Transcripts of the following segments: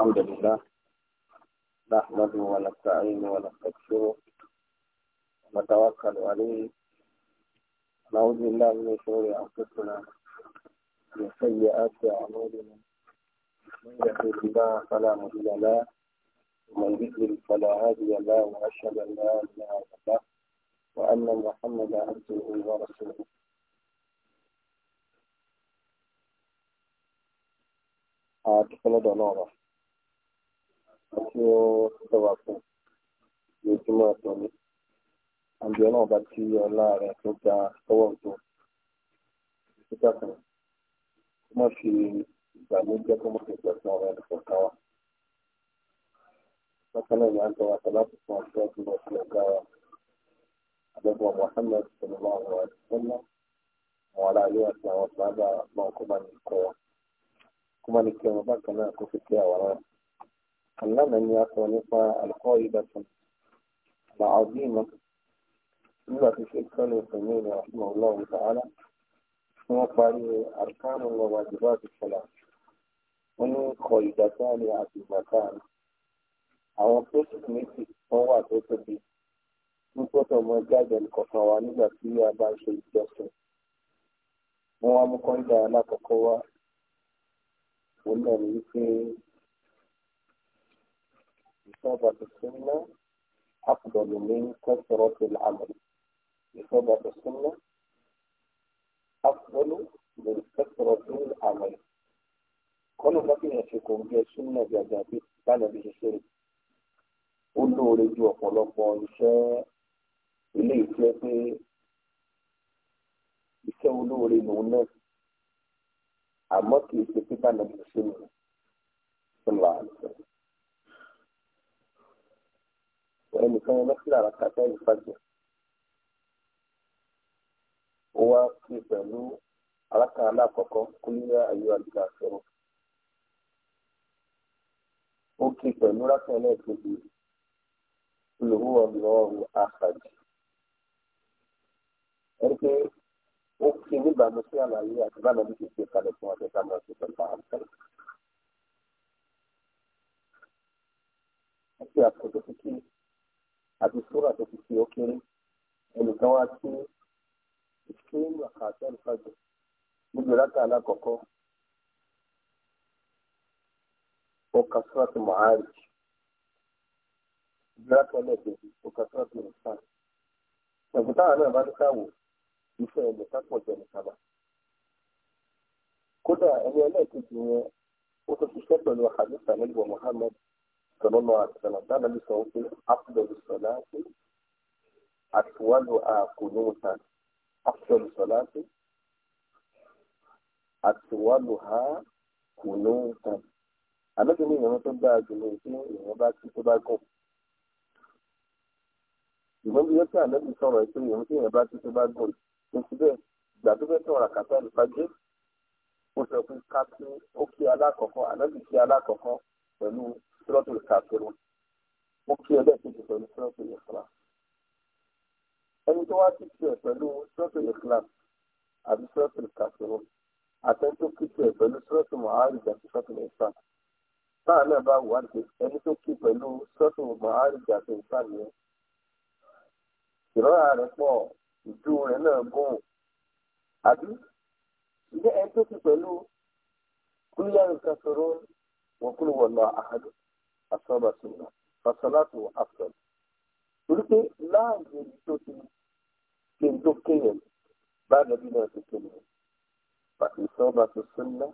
الحمد لله نحمده ونستعينه ونستغفره ونتوكل عليه نعوذ بالله من شرور انفسنا من سيئات اعمالنا من يهده الله فلا مضل له ومن يضلل فلا هادي له واشهد ان لا اله الا الله وان محمدا عبده ورسوله àdúpẹ́ lọ́dọ̀ náà rọ̀. tí ó tẹwà fún lójúmọ́ ọ̀tọ̀ ni àbí ọlọ́run bá tí ọlá rẹ̀ tó ga tọwọ́ tó títà kan kó má fi ìgbàlódé kó má fi ìgbàgbọ́ ọ̀rẹ́ ẹ̀dùn kan wá. bákan náà ni a ń tọrọ àtàlátì fún ọ̀ṣọ́ ìgbìmọ̀ sí ọ̀gá wa àdẹ́gbọ̀n Muhammad sọlọ́mọ àwọn àdìsọ́lá àwọn aráàlú àti àwọn sábà náà kó má ní kọ́ wọn kó má ní kí wọn bákan náà kó fi kí àwọn náà àlànà ni a sọ nípa àlùkò ìbátan làábí mọ nígbà tí ṣe kọ́ lè pẹ̀lú ìrìn àfihàn ọlọ́run tààlà tí wọ́n parí àrùkánù lọ wàjúbà ti sọ̀là wọ́n ní kọ ìgbàtàlè àti ìgbàtàlè àwọn pẹ́sìt méjì wọ́n wà tó tóbi ní gbọ́dọ̀ mọ jáde nìkọ̀kan wa nígbà tí a bá ṣe ìjọsìn wọ́n wá mú kọ́ńdà alákọ̀ọ́kọ́ wa òun náà ní wípé إصابة السنة أفضل من كثرة العمل إصابة السنة أفضل من كثرة العمل kọ́nù bá fi hàn ṣe kò ń jẹ súnmọ́ gbàgbà bí bánàbí ṣe ṣe ó lóore ju ọ̀pọ̀lọpọ̀ iṣẹ́ ilé ìfẹ́ pé iṣẹ́ olóore lòun náà àmọ́ kì í ṣe pé bánàbí ṣe ṣe nù. ẹnìkan yẹn lọ́sílẹ̀ àràkàtà ìfàjẹ́ ó wá kí pẹ̀lú alákàrà lákọ̀ọ́kọ́ kúlíyà ayé àdìgà sọ̀rọ̀ ó kí pẹ̀lú rákàn lẹ́ẹ̀kejì lòwú ọ̀lọ́ọ̀rù àfàjì ẹni pé ó kí níbàámu sí àlàyé àti bá nàbí kìí ṣe kalẹ̀ fún ọjọ́ tá a máa ṣe pẹ̀lú àwọn àǹfààní. àti àkójọ kíkí àti sóra tó fi ṣe ó kéré ẹnìkan wá sí ìkéwù àkàtà ìfàjọ níbi rákà alákọ̀ọ́kọ́ ó ka sóra tó mọ̀hárì rákà ẹlẹ́ẹ̀kejì ó ka sóra tó nìkan ẹ̀bùtá àwọn náà bá ní káwò iṣẹ́ ẹnìkan pọ̀ jẹ́ nìkan bá kódà ẹni ẹlẹ́ẹ̀kejì yẹn ó tó ṣiṣẹ́ pẹ̀lú àkàtà ìfàjọ Muhammad sọlọ́lọ́ àtẹ̀lọ́ dáadáa bí sọ pé afdọ́lù sọlá sí àtiwálò àkùnúta afdọ́lù sọlá sí àtiwálò ha kùnúta. àlejò ní ìrìn tó dáa jù lọ sí ìrìn bá kí tó bá gùn. ìgbọ́n bí yẹn tí àlejò sọ̀rọ̀ pé ìrìn tí ìrìn bá kí tó bá gùn kò sí bẹ́ẹ̀ ìgbà tó fẹ́ sọ̀rọ̀ àkàtà ìfàgé ó sọ pé ká kí ó kí alákọ̀ọ́kọ́ àlejò kí alákọ̀ọ́kọ́ pẹ̀lú suratul kafirun mo kí ẹ bẹ́ẹ̀ kejì pẹ̀lú suratul ikhlas ẹni tó wá kíkì ẹ pẹ̀lú suratul ikhlas àbí suratul kafirun àtẹni tó kíkì ẹ pẹ̀lú suratul mu'arij àti suratul insan táà náà bá wà pé ẹni tó kí pẹ̀lú suratul mu'arij àti insan yẹn ìrora rẹ̀ pọ̀ ìdú rẹ̀ náà gùn àbí ilé ẹni tó kí pẹ̀lú kúlíyàwó kafirun wọ́n kúlù wọ̀lọ́ àhàdùn asọ́ba sunna fasalatu afdal torí pé láàrin ibi tó ti ṣe tó kéèyàn bá nàbí náà ti kéèyàn pàtó sọ́ba tó sunna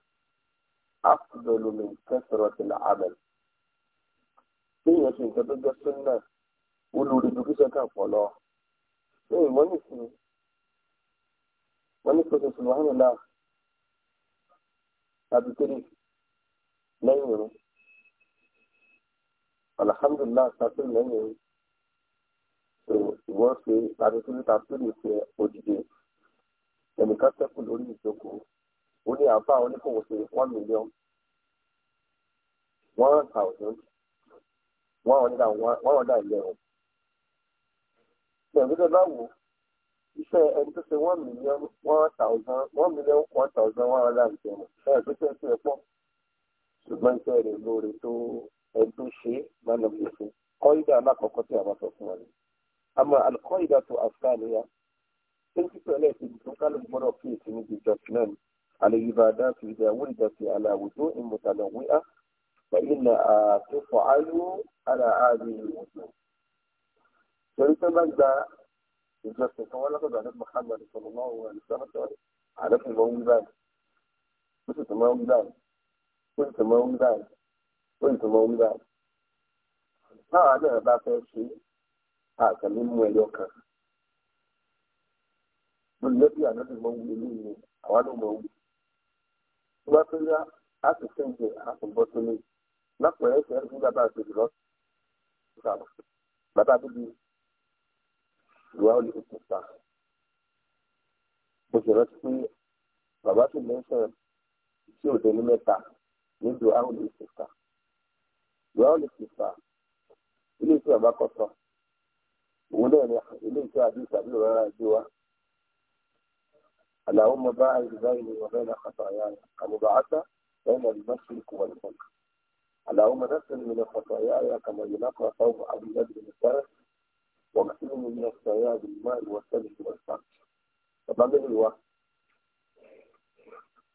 afdal min kasrati al-amal kéèyàn ṣe nǹkan tó jẹ́ sunna olórí dùkúṣẹ́ kan pọ̀ lọ. ṣé ìwọ nìsín wọn ní pèsè subhanallah tàbí kéré lẹ́yìn rẹ̀ alhamdulilah sasiri lẹ́yìn so ìwọ ṣe tàbísílẹ tàbísílẹ ṣe òdìdè ẹnìkan ṣẹ́kù lórí ìjókòó ó ní àáfàá oníkòwò ṣe one million one thousand one hundred and one one hundred and eleven ṣèǹgbẹ́sẹ̀ báwo iṣẹ́ ẹni tó ṣe one million one thousand one million one thousand one hundred and eleven ṣe ẹ̀gbẹ́sẹ̀ ṣe ẹ̀pọ̀ ṣùgbọ́n iṣẹ́ rẹ̀ lóore tó ẹbí ṣe má lọ fi ṣe kọ́ídà alákọ̀ọ́kọ́ tí a bá sọ fún wa ni àmọ́ alikọ́ídà tó àfáàníyà píńtítì ẹlẹ́ẹ̀kejì tó kálukú gbọ́dọ̀ fi èsì níbi ìjọsìn náà ni àlèyìnbàdàn fi ìdá wúlìdà sí aláwùjọ ìmùtàlẹ̀ wíwá fẹ́yìn àtúfọ̀ ayú ara ààrẹ ìwòsàn. torí pé bá gba ìjọsìn kan wọn lọ́sọ̀dọ̀ àdé Muhammad sallallahu alaihi wasallam àdé fún ìmọ̀ wíwá ó sì tún máa ń wíwá ó sì tún máa ń wíwá ó ní tó mọ orí báyìí báwa náà bá fẹ́ ṣe àkànní mú ẹyọ kan olùdókè ànábì mọ wúlò ní ìlú àwa náà mọ wúlò tó bá tó yá a sì kéńjẹ a sì bọ́ tó lé lọ́pọ̀ ẹ̀ ṣe é fún bàbá àti ìdúró bàbá bíbí ìwà olùkókò pa mo sì rántí pé bàbá tó lè ń sọ̀rọ̀ sí òde ní mẹ́ta nídùú àwọn olùkókò pa. lọ́ọ̀lù kìfà ilé tí bàbá kọ sọ òun náà ni ilé tí àdúrà tàbí ìrora gbé wa àlàó mo bá àìdìbá ìlú ọ̀rẹ́ náà kàtà àyà rẹ̀ àmùbà àtà lẹ́yìn àdìbá sí ikú wà lẹ́kọ̀ọ́ اللهم نسل من خطاياي كما ينقى ثوب ابي بدر من السرس واغسلني من السياد بالماء والثلج والفرج فبعدين الوقت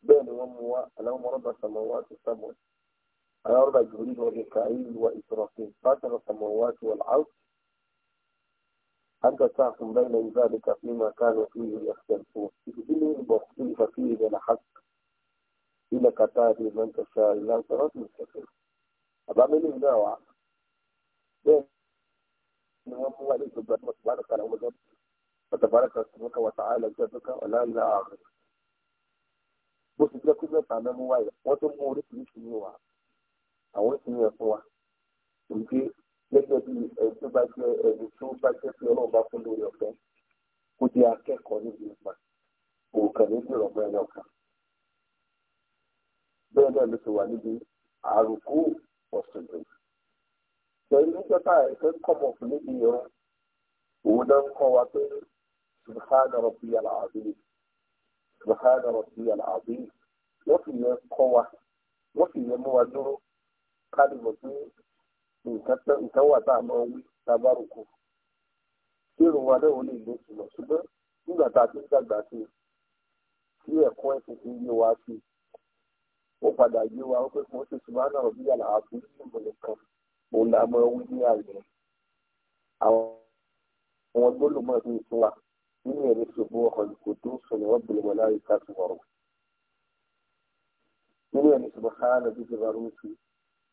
بين اللهم رب السماوات السبع على أربع جبريل وميكائيل وإسرافيل فاتر السماوات والعرض حتى تحكم بين ذلك فيما كانوا فيه يختلفون إذن واختلف فيه من الحق إلى كتاب من تشاء إلى صراط مستقيم أبا من الدعوة هو عليه سبحانه وتعالى قال هو فتبارك اسمك وتعالى جدك ولا إلى آخره بس إذا كنا تعلموا وتمورك لشنو àwọn sì ń yẹ fún wa wípé gẹ́gẹ́ bí ẹni bá jẹ́ ẹni tó bá jẹ́ pé ọlọ́run bá fún lórí ọ̀fẹ́ kó jẹ́ akẹ́kọ̀ọ́ níbi ìpa òkè níbi ìrọ̀mọ́ ẹni ọ̀kan bẹ́ẹ̀ náà ló ti wà níbi àrùkù ọ̀sùn tó lẹ́yìn níjọ́ tá ẹ̀fẹ́ fún níbi ìrọ̀ òun náà ń kọ́ wa pé subhana rabbiyal azim subhana rabbiyal káàdì mọ̀ pé nǹkan wà tá a máa wí tá tí èrò wa náà ò lè lè sùn lọ ṣùgbọ́n nígbà tá a ti ń dàgbà sí i tí ẹ̀kọ́ ẹ̀sìn ti yé wa sí i ó padà yé wa wípé kò ṣe ṣùgbọ́n náà rọ̀ bí yàrá àbí ìmọ̀lẹ̀ kan òun là máa wí ní àyè àwọn àwọn gbólómọ̀ ní ìtura nínú ẹ̀rí ṣògbó ọkọ̀ ìkò tó sọ̀rọ̀ wọ́n bèrè wọlé àyíká tó wọ̀rọ̀ nínú ẹ̀rí ṣùgbọ́n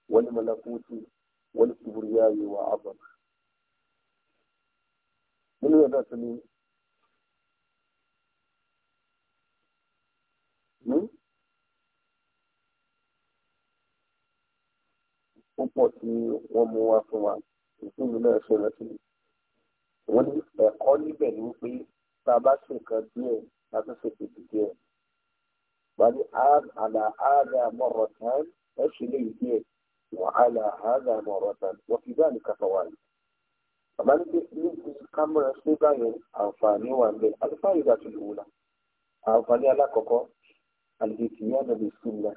والملكوت والكبرياء وعظمة من يدرس من púpọ̀ tí wọ́n mú wá fún wa ìpínlẹ̀ náà ṣẹlẹ̀ sí wọ́n ní ẹ̀kọ́ níbẹ̀ ni wípé tá a bá ṣe díẹ̀ la tún ṣe tètè díẹ̀ wọ́n ní àdà àdà mọ̀rọ̀ tán ẹ̀ ṣe léyìí díẹ̀ وعلى هذا مرة وفي ذلك فوائد فمن كم سيبا أنفاني وأنبي الفائدة الأولى أنفاني على كوكو الاتيان بالسنة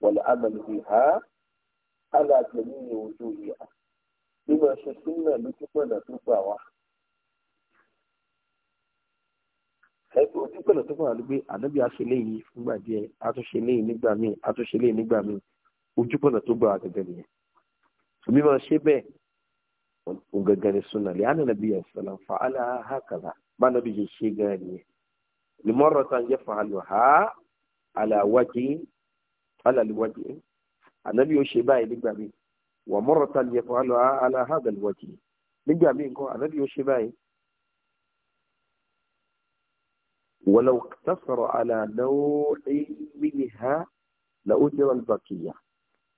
والعمل بها على جميع وجوهها بما السنة لتكون تقوى ẹ̀kọ́ tí pẹ̀lú tó fún àlùgbé ànábì àṣẹlẹ̀ yìí fúngbà díẹ̀ àtúnṣe lẹ́yìn nígbà míì àtúnṣe lẹ́yìn nígbà míì ojúpọ̀nà tó gbà gẹ́gẹ́ nìyẹn omi máa ṣe bẹ́ẹ̀ gangan ni sunna lè hànà nàbí ẹ̀sán fa alá hàkàlà bá nàbí yìí ṣe gan nìyẹn ni mọ́rọ̀ tán yẹ fa àlọ́ ha aláwájì aláwájì ànábì ó ṣe báyìí nígbà mi wà mọ́rọ̀ tán yẹ fa àlọ́ ha aláwájì nígbà mi nǹkan ànábì ó ṣe báyìí. ولو اقتصر على نوع منها لأجر البقية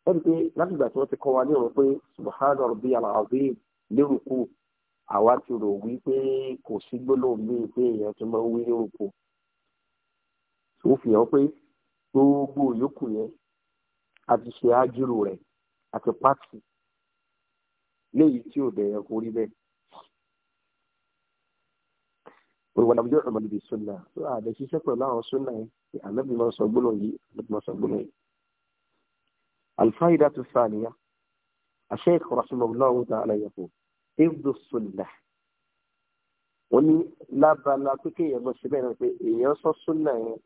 wọ́n ti pé látìgbà tí wọ́n ti kọ́ wa ní ọ̀rọ̀ pé subhana rabbiyal azim lérúkú àwa ti rò wí pé kò sí gbólóhùn bíi pé èèyàn ti máa ń wí lérúkú tó fi hàn pé gbogbo yòókù yẹn àti ṣe ájúrò rẹ̀ àti pàtì léyìí tí ò dẹ̀ yẹn kó rí bẹ́ẹ̀. wọn làwọn yóò ọmọdé bíi sunna tó àdé ṣiṣẹ́ pẹ̀lú àwọn sunna yẹn ànábì máa sọ gbólóhùn yìí ànábì máa sọ gbólóhùn yìí. الفائدة الثانية الشيخ رحمه الله تعالى يقول حفظ السنة وني لا بلا كي يما شبينا في يوصى السنة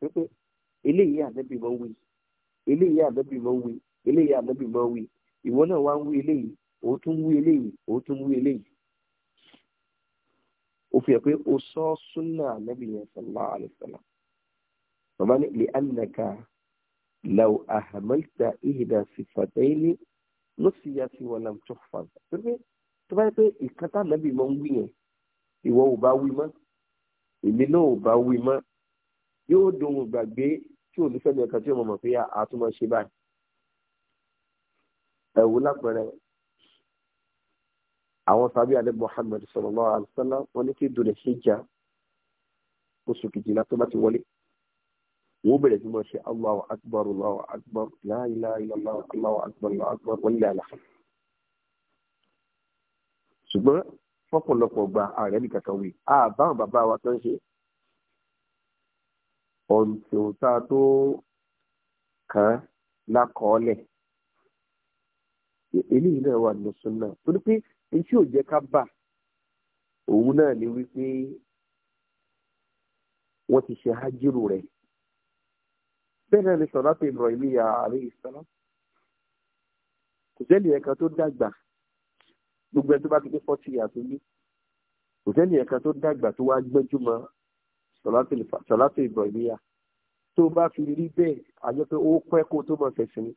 إلي يا نبي موي إلي يا نبي موي إلي يا نبي موي يوانا وان وي إلي وتن وي إلي وفي يقول أصى السنة نبي صلى الله عليه وسلم فمن لأنك لو أهملت إحدى صفتين نسيت ولم تحفظ tó bá yẹ pé ìkan tá nàbì mọ ń wí yẹn ìwọ ò bá wí mọ èmi náà ò bá wí mọ yóò dohun gbàgbé tí ò ní fẹ́ mi ọkàn tí ò mọ̀ mọ̀ pé àtúmọ̀ ṣe báyìí ẹ̀wù lápẹẹrẹ àwọn sábì alẹ́ Muhammad sallallahu alaihi wasallam wọn ní kí dòdè ṣe jà oṣù kejìlá tó bá ti wọlé wọ́n bẹ̀rẹ̀ sí máa ṣe Allahu akbar Allahu akbar la ilaha illallah Allahu akbar Allahu akbar wọ́n lé àlàfo. ṣùgbọ́n fọ́pọ̀lọpọ̀ gba ààrẹ nìkan kan wí àbáwọn bàbá wa tó ń ṣe ọ̀ǹtẹ̀ọ̀tà tó kàn án lákọọ́lẹ̀ eléyìí náà wà nínú súnà torí pé èyí tí ká bà òun náà ni wípé wọ́n ti ṣe hájírù rẹ̀ bẹ́ẹ̀ náà ni sọ̀rọ̀tò Ibrahimiya alayhi salam kò sẹ́ni ẹ̀ka tó dàgbà gbogbo ẹ̀ tó bá ti dé fọ́tì àti ní kò sẹ́ni ẹ̀ka tó dàgbà tó wá gbẹ́jú mọ́ sọ̀rọ̀tò Ibrahimiya tó bá fi rí bẹ́ẹ̀ àjọ pé ó pẹ́ kó tó mọ̀ fẹ̀sìn ni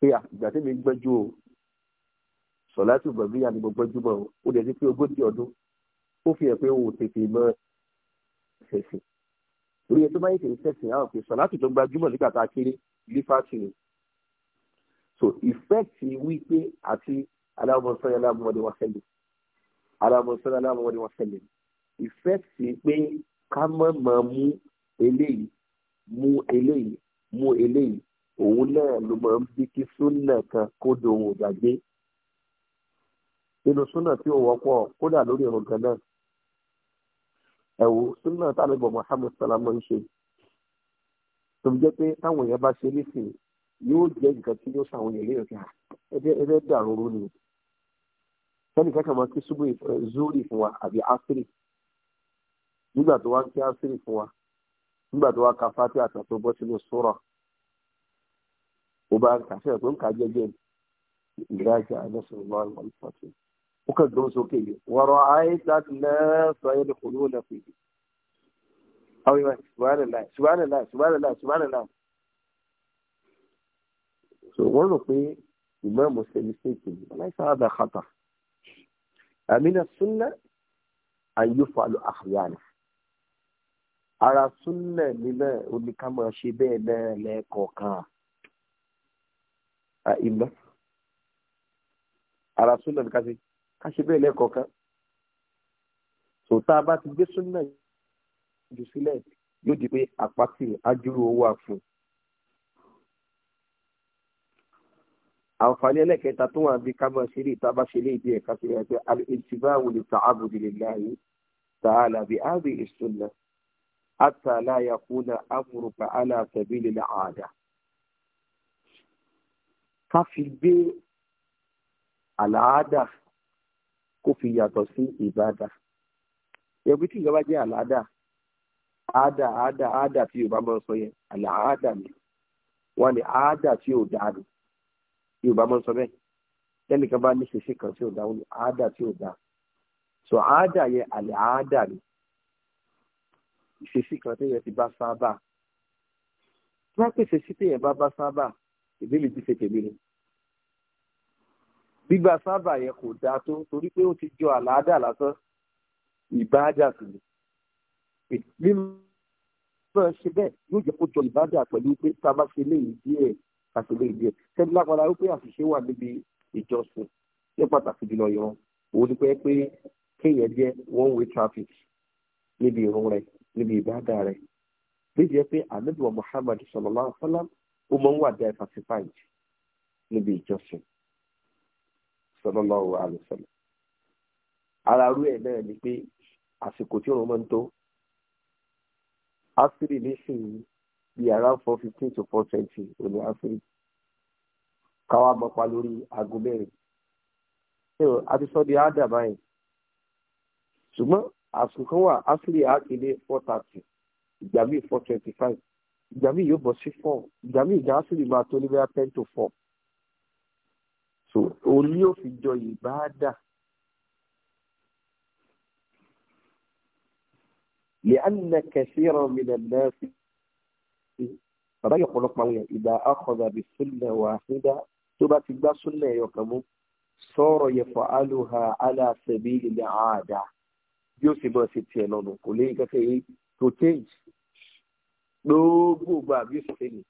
pé ìgbà tí mi gbẹ́jú o sọ̀rọ̀tò Ibrahimiya ni mo gbẹ́jú mọ́ o ó dẹ̀ ti pé ogójì ọdún ó fi hàn pé òun tètè mọ́ fẹ̀sìn orí ẹ tó bá yẹ kí n tẹ̀sìn àwọn pé sọ̀láàtì tó gbajúmọ̀ nígbà tá a kéré lífàtì ni so ìfẹ́ẹ̀tì wípé àti aláàmọ̀sán aláàmọ̀dé wọn fẹ́lẹ̀ aláàmọ̀sán aláàmọ̀dé wọn fẹ́lẹ̀ ìfẹ́ẹ̀tì pé ká mọ̀ mọ̀ mú eléyìí mú eléyìí mú eléyìí òun náà ló máa ń bí kí súnà kan kó dohun ìgbàgbé nínú súnà tí ò wọ́pọ̀ kódà lórí ọ̀rọ̀ kan náà Ewu! súnà tàbíbọ̀ Muhammad salama ń ṣe tó fi jẹ́ pé táwọn èèyàn bá ṣe léṣe yóò jẹ́ nǹkan tí yóò ṣàwọn èèyàn léèrè ká ah, ẹgbẹ́ dàrú rú ni sẹ́ni kankan máa kí ṣubú zúrì fún wa àbí nke nígbà tó wá ń kí fún wa nígbà tó wá ka fati àtà bọ́ sínú sura ó bá ń ń kà jẹ́jẹ́ ìdájà lọ́wọ́ ìwọ̀n ìfọ̀tún. ó kàn gbóhùn sókè yìí wọ́rọ̀ ayé láti lẹ́sọ̀ ayé lẹ́kọ̀ọ́ ló lẹ́kọ̀ọ́ yìí. àwọn ìwà subhanallah subhanallah subhanallah subhanallah. so wọ́n rò pé ìmọ̀ ìmọ̀sẹ̀ ní sèkì ni aláìsàn àdá kàtà. àmìnà súnà àyùfọ̀ àlọ́ àhùyànà. ara súnà nílẹ̀ oníkàmọ̀ ṣe bẹ́ẹ̀ náà lẹ́ẹ̀kọ̀ọ̀kan. àìmọ̀ ara súnà ní ká ṣe ká ṣe bẹ́ẹ̀ lẹ́ẹ̀kọ̀ọ̀kan sòtá bá ti gbé súnà jù sílẹ̀ yóò di pé àpáti ajúrú owó àfún. àǹfààní ẹlẹ́kẹta tó wà bí ká máa ṣe lè tá a bá ṣe lè bí ẹ̀ka sílẹ̀ pé al-intibā'u li ta'abbudi lillahi ta'ala bi hadhihi as-sunnah hattā lā yakūna amruka ká fi gbé àlàáda kó fi yàtọ̀ sí ìbáda ẹgbẹ́ tí ìjọba jẹ́ àlàáda àádà àádà àádà tí yorùbá máa ń sọ yẹn àlàáda ni wọn ni àádà tí ò dáa ni yorùbá máa ń sọ bẹ́ẹ̀ tẹnìkan bá ní ṣèṣe kan tí ò dáa ni àádà tí ò dáa so àádà yẹn àlàáda ni ìṣesí kan téèyàn ti bá sábà tí wọn pèsè sí téèyàn bá bá sábà ìbéèrè ti ṣe tèmi ni gbígba sábà yẹn kò dáa tó torí pé ó ti jọ àlàádà lásán ìbáàdà sí ni nínú náà ṣe bẹ́ẹ̀ yóò jẹ́ kó jọ ìbáàdà pẹ̀lú pé tá a bá ṣe léyìí díẹ̀ ká ṣe léyìí díẹ̀ sẹ́ni lápára wípé àṣìṣe wà níbi ìjọsìn ní pàtàkì jùlọ ìran òun ni pé pé kéèyàn jẹ́ one way traffic níbi ìrun rẹ̀ níbi ìbáàdà rẹ̀ bíbi ẹ pé ànábì wa Muhammad sallallahu alaihi wasallam ó máa ń wà dá ẹ̀ fàṣífàì níbi ìjọsìn sallallahu alaihi wasallam ara rú ẹ̀ náà ni pé àsìkò tí òun máa ń tó asiri nísìnyí bí around four fifteen to four twenty òní asiri káwa mọ́pa lórí aago mẹ́rin a ti sọ di ádà báyìí ṣùgbọ́n àsìkò kan wà asiri àkèlé four thirty ìgbà míì four twenty five ìgbà míì yóò bọ̀ sí four ìgbà míì ìgbà asiri máa tó ní bẹ́ẹ̀ ten to four so orí ò fi jọ ìbáàdà لأن كثيرا من الناس رأي خلق مويا إذا أخذ بسنة واحدة تبا تبا سنة يوكمو صار يفعلها على سبيل العادة يوسف بسيتي لونو كلين كفي to change gbogbo gba bí o sì fẹ́ ni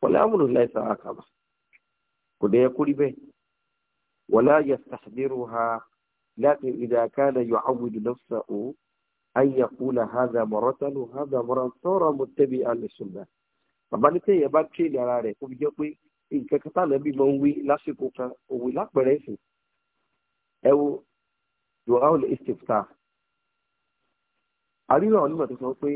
wọ́n lé amúlò láìsàn àkàbà kò dẹ̀ kúrí bẹ́ẹ̀ wala yastahdiruha láti idha kana yu'awwidu nafsahu an yaqula hadha maratan wa hadha maratan sara muttabi'an lis-sunnah bàbá ní kéèyàn bá tírèlì ara rẹ̀ kó fi jẹ́ pé nǹkan kan táwọn ẹbí máa ń wí lásìkò kan òwe lápẹ̀rẹ̀ ẹ̀sìn ẹ wo duhaul istifta àríwá onímọ̀ tó sọ pé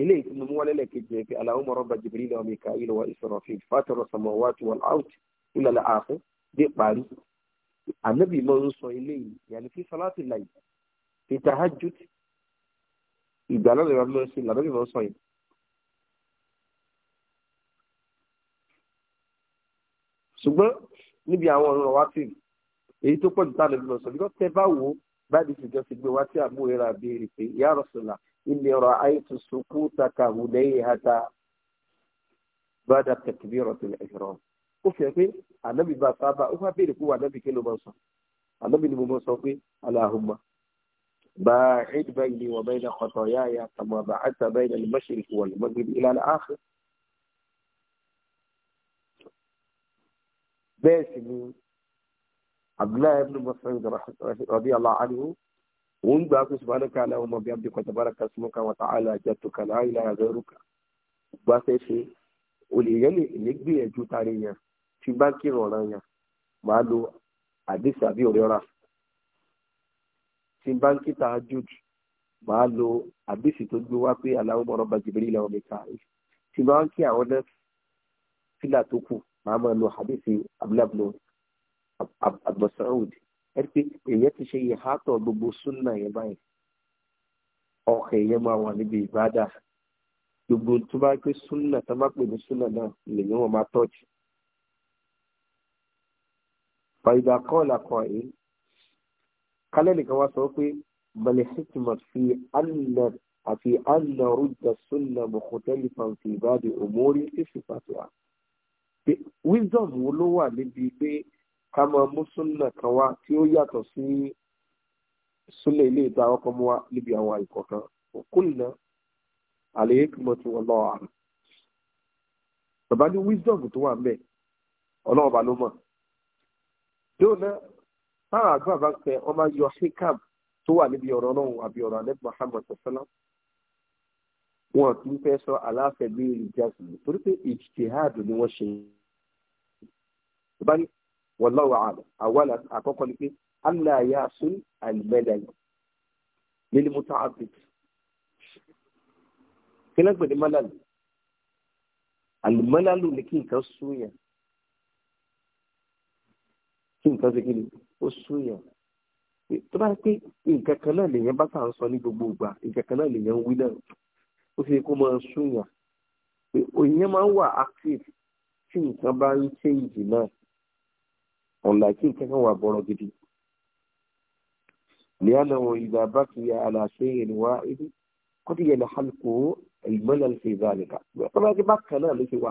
eléyìí tí mo mú wálé lẹ́ẹ̀kejì ẹ̀ pé Allahumma rabba Jibril wa Mika'il wa Israfil fatir samawati wal-ard ìlànà àfún dé parí ànábì mọ́ ń sọ eléyìí yàní fi sọláàtì láì fi tahajjud ìgbà náà lè máa ń ṣe làbẹ́bí mọ́ ń sọ yìí. ṣùgbọ́n níbi àwọn ọ̀rọ̀ wa ti èyí tó pọ̀ jù tá a lè lọ sọ bíkọ́ tẹ bá wò ó báyìí ti jọ ti gbé wá tí àbúrò rẹ̀ béèrè pé ya Rasulullah ilé ọ̀rọ̀ àìtú sukú takahùn lẹ́yìn ata bá dà takbiratul ihram ó fi hàn pé ànábì bá sábà ó fẹ́ béèrè fún ànábì kí ló máa sọ ànábì ni mo máa sọ pé aláhùnmá bá ẹ̀ẹ́dìbá yìí wọ́n bẹ́ẹ̀ náà kọ́tọ̀ yá ya tàmọ̀ àbá àtà bẹ́ẹ̀ náà lè má ṣe ìfowó lè má gbé ní ìlànà áàfin. bẹ́ẹ̀ sì ni abdullahi ibn Mas'ud radiyallahu anhu òun gbà kó subhanaka allahumma bi abdika tabaraka ismuka wa ta'ala jadduka la ilaha ghayruka gbàṣẹ́ ṣe olè yẹn lè gbìyànjú tari yẹn tí bá kírun ọ̀ràn yàn màá lo àdìsí àbí òrẹ́ra tí bá ń kí tahajjud màá lo àdìsí tó gbé wá pé Allahumma rabba Jibril wa Mika'il tí bá ń kí àwọn náà fílà tó kù màá máa lo àdìsí abúlábùlọ abdulsaud ẹ pé èyàn ti ṣe ìhátọ̀ gbogbo súnà yẹn báyìí ọkàn èyàn máa wà níbi ìbádà gbogbo tó bá pé súnà tó bá pè ní súnà náà lèyìn wọn máa tọ́jú fàyídà kọ́ọ̀lá kan ẹ̀ kálẹ̀ nìkan wá sọ pé balẹ̀ hikmat fi anna àfi anna rúdà sunna mukhtalifan fi ìbáde òmórí tí sì pàtó wisdom wo ló wà níbi pé ká máa mú sunna kan wá tí ó yàtọ̀ sí sunna ilé ìta ọkọ̀ mú wa níbi àwọn àìkọ̀kan òkúlùnà àlẹ́ hikmat wallahu a'lam. bàbá ní wisdom tó wà ń bẹ̀ ọlọ́ọ̀bá ló mọ̀. yóò ná táwọn àdúrà bá ń pẹ máa yọ hikam tó wà níbi àbí Muhammad wọn kì í sọ torí pé ni wọ́n ṣe báyìí wallahu a'lam àwọn àkọ́kọ́ ni pé allah yasun al-malal lil muta'abbid kí lẹ́gbẹ̀ẹ́ ni malal ni kí nǹkan sún yẹn kí nǹkan ṣe kí ni ó súnyàn tó bá pé nǹkan kan náà lèèyàn bá kàn sọ ní gbogbo ìgbà nǹkan kan náà lèèyàn ń wí náà ó ṣe kó máa súnyàn òyìnbó máa ń wà active tí nǹkan bá ń change náà ọ̀la nǹkan kan wà bọ̀rọ̀ gidi lẹ́yìn àwọn ìgbà bá ti yà àlàṣe ìrìnwá ibi kó ti yẹ lè hàlùkù ìmọ̀lẹ̀ ṣe ìdánìkà tó bá ti bákan náà ló ṣe wà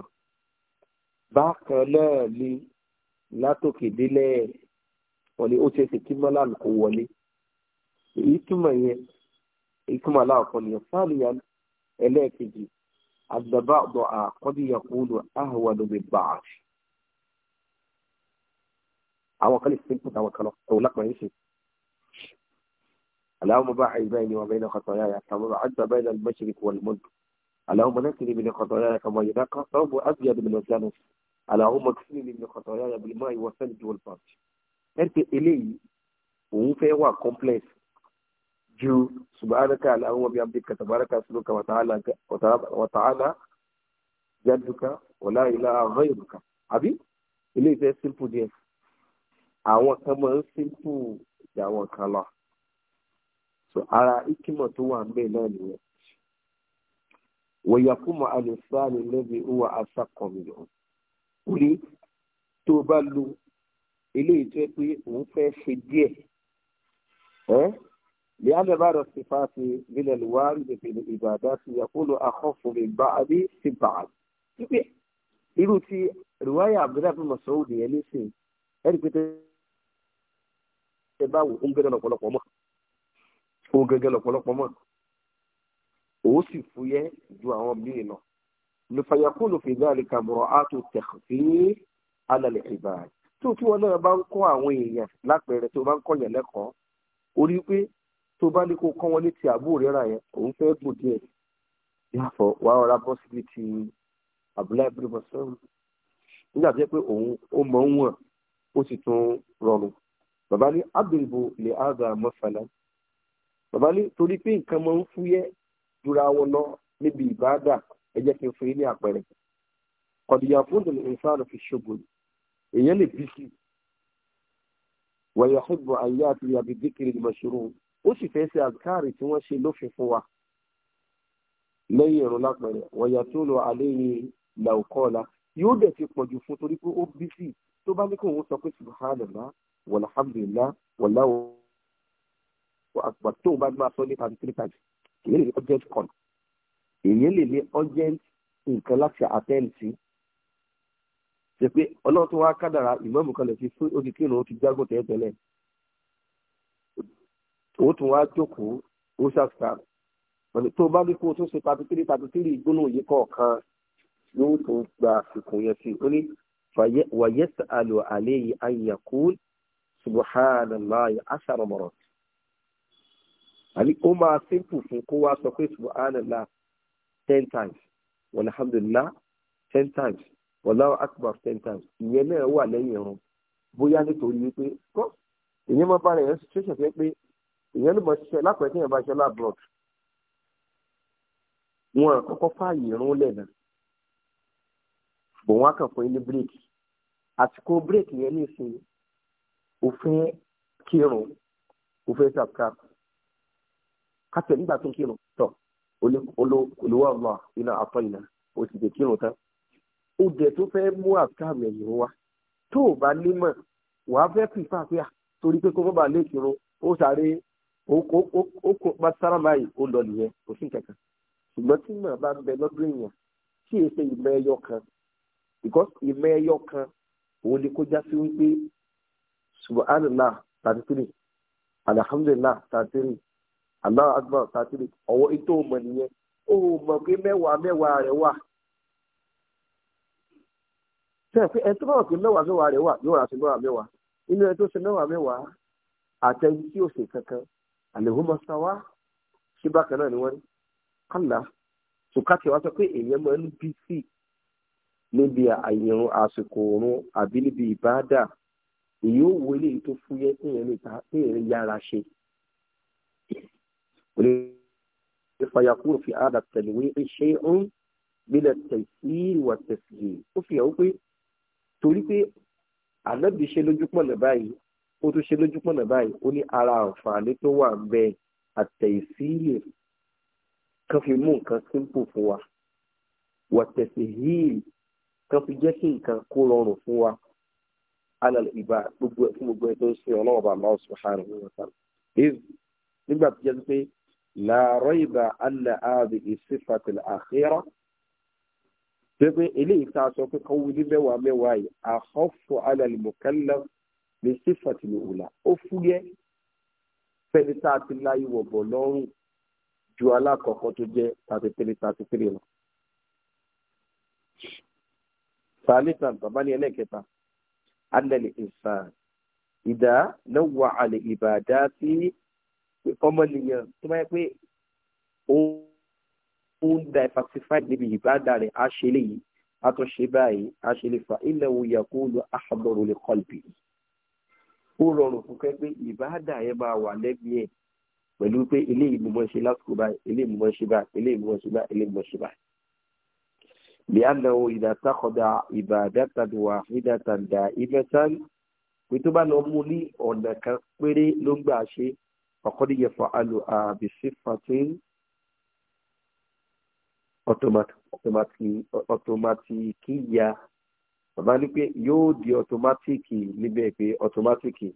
bákan náà ni látòkè délẹ̀ wọlé ó ṣeéṣe kí mọ́làn kò wọlé èyí túmọ̀ yẹn èyí túmọ̀ aláàkọ́ ni fáàlìyà ẹlẹ́ẹ̀kejì àdàbà ọ̀dọ̀ àkọ́díyà kúlù àhùwà lóbi bàáṣì àwọn kan lè fi put àwọn kan lọ òun lápá yín ṣe اللهم باعد بيني وبين خطاياي كما بعدت بين المشرق والمغرب اللهم نقني من خطاياي كما ينقى الثوب ابيض من الذنب اللهم اغفر لي من خطاياي بالماء والثلج والبرد ẹ̀rìkẹ́ eléyìí òun fẹ́ wà complex ju subhanaka allahumma bi abdika tabaraka asluka wa ta'ala jadduka wa la ilaha ghayruka àbí eléyìí fẹ́ simple díẹ̀ àwọn kan máa ń simple ju àwọn kan lọ so ara ikimọ̀ tó wà ń náà nìyẹn wọ̀yàkùmọ̀ àlùfáà ni lẹ́bi ó wà á sàkọ̀mìlọ́ọ̀ kúlé tó o bá lo eléyìí tó yẹ pé òun fẹ́ ṣe díẹ̀ ẹ́ لأن بعض الصفات من الوارد في العبادات يقول أخف من بعض في بعض. irú ti rìwáyà abdullahi bin masoud yẹn ní sìn ẹni pété ẹ báwo ó ń gẹ́gẹ́ lọ́pọ̀lọpọ̀ mọ́ ó ń gẹ́gẹ́ lọ́pọ̀lọpọ̀ mọ́ òun sì fúyẹ́ ju àwọn míì lọ fàyàkùlù fìdálì kàmùrọ̀ àtò tẹ̀kìfì alàlẹ̀ ìbàdàn tó tí wọn náà bá ń kọ́ àwọn èèyàn lápẹẹrẹ tó bá ń kọ́ yẹn lẹ́kọ̀ọ́ orí pé tó bá ní kó kọ́ wọn létí àbú rírà yẹn òun fẹ́ bù díẹ̀ yàtọ̀ wàá rọra bọ́ síbi ti abúlé abúlé sọ́run nígbà tó yẹ pé òun ó mọ̀ ń wọ̀n ó sì tún rọrùn bàbá ní abèbò lè àgbà mọ́fàlá bàbá ní torí pé nǹkan máa jura wọn lọ níbi ìbáàdà ẹ jẹ́ kí n fún yín ní àpẹẹrẹ kọ̀dìyà fún ìdùnnú ìsáàrù fi ṣògo èèyàn lè bí sí wọ̀nyí àṣùgbọ̀n àyè àti àbí díkìrì ìmọ̀ṣòro ó sì fẹ́ ṣe àkáàrì tí wọ́n ṣe lófin fún wa lẹ́yìn ìrún lápẹẹrẹ wọ̀nyí àti ó lọ alẹ́ yìí làókọ́ọ̀la yóò dẹ̀ ti pọ̀jù fún torí pé ó bí sí tó bá ní kí òun sọ pé subhanallah walhamdulillah wallahu akbar tóun bá máa sọ ní thirty three times lè ní ọjọ́ ìkọlù èyàn lè ní urgent nǹkan láti attend sí ṣe pé ọlọ́run tó wá kádàrà ìmọ̀ọ́mù kan lè fi fún òkè kírun ó ti jágò tẹ́tẹ́lẹ̀ òun tún wá jókòó ó ṣàṣà tó bá ní kó o tún ṣe thirty three thirty three ìgbóná yìí kọ̀ọ̀kan yóò tó gba àsìkò yẹn sí ó ní wàyẹ́sì àlò àlẹ́ yìí àyàkú subhanallahi ashara àní ó máa simple fún kó wá sọ pé subhanallah ten times walhamdulillah ten times wallahu akbar ten times ìyẹn náà wà lẹ́yìn ẹ̀rùn bóyá nítorí wípé kọ́ ìyẹn máa bá rẹ̀ yẹn situation fẹ́ pé ìyẹn ló mọ̀ ṣiṣẹ́ lápẹ̀ẹ́ tí yẹn bá ṣe lábroad wọn àkọ́kọ́ fààyè irun lẹ́nà bò wọn á kàn fún yín ní bírèkì àsìkò bírèkì yẹn ní ìsìn òfin kírun òfin sàkà kàtẹ́ nígbà tó kírun tọ̀ olúwa ọlọ iná àtọ ìná o ti dèkí irun tán o dẹ̀ tó fẹ́ mú àkàrò ẹ̀yìn wa tó o bá nímọ̀ wàá fẹ́ pìfà pìà torí pé kó bá lè kírun ó sáré ó kó pátára báyìí ó lọ nìyẹn kò sí kankan ṣùgbọ́n tí màá bá ń bẹ lọ́dún èèyàn tí èyí ṣe ìmọ̀ ẹyọ kan because ìmọ̀ ẹyọ kan òun ni kó já sí wípé subhanallah thirty three alhamdulillah thirty three. Allahu Akbar thirty ọwọ́ ètò ọmọ nìyẹn ó mọ̀ pé mẹ́wàá mẹ́wàá rẹ̀ wà sẹ́yìn pé ẹni tó bá wà pé mẹ́wàá mẹ́wàá rẹ̀ wà yóò rà sí mẹ́wàá mẹ́wàá inú ẹni tó ṣe mẹ́wàá mẹ́wàá àtẹ̀yìn tí ò ṣe kankan àlèhùnmọ́ sáwá ṣé bákan náà ni wọ́n ní kálá sùkàtì wa sọ pé èèyàn máa ń bí sí níbi àyẹ̀rùn àsìkò òrun àbí níbi ìbáàdà èyí wọlé èyí tó fúyẹ́ téèyàn yára ṣe فيكون في هذا التنويع شيء من التيسير والتسهيل ó fi hàn pé torí pé ànábì ṣe lójúpọ̀nà báyìí ó tún ṣe lójúpọ̀nà báyìí ó ní ara àǹfààní tó wà ń bẹ àtẹ̀síìlì kan fi mú nǹkan simple fún wa wàtẹ̀síìlì kan fi jẹ́ kí nǹkan kó rọrùn fún wa alal ìbá gbogbo fún gbogbo ẹ̀ tó ń sin ọlọ́wọ́ bàbá subhanahu wa ta'ala nígbà tó jẹ́ pé لا ريب أن هذه الصفة الأخيرة pépé eléyìí tá a sọ pé kọ́ wuli mẹ́wàá mẹ́wàá yìí àkọ́fọ́ alàlì mọ̀kálà ní sífàtì ní òòlà ó fúyẹ́ fẹ́ni tá a ti láyé wọ̀ bọ̀ lọ́rùn ju alákọ̀ọ́kọ́ tó jẹ́ thirty three thirty three lọ. sàlẹ́sà bàbá ni ẹlẹ́kẹta alẹ́lẹ́ ìsàn ìdá náwó àlè ìbàdá sí ọmọnìyàn tó bá yẹ pé ó ń diversify níbi ìbádà rẹ̀ á ṣe léyìí á tún ṣe báyìí á ṣe lè fa ilẹ̀ wo yàgò lu ahdaru li qalbi ó rọrùn fún kẹ́ pé ìbádà yẹn máa wà lẹ́bi ẹ̀ pẹ̀lú pé ilé ìmúmọ̀ ṣe lásìkò báyìí ilé ìmúmọ̀ ṣe báyìí ilé ìmúmọ̀ ṣe báyìí ilé ìmúmọ̀ ṣe báyìí. لأنه إذا اتخذ عبادة واحدة pé tó bá lọ mú ní ọ̀nà kan péré ló ń gbà ṣe فقد يفعلها بصفة ọtomatikiya bàbá ní pé yóò di ọtomatiki níbẹ̀ pé ọtomatiki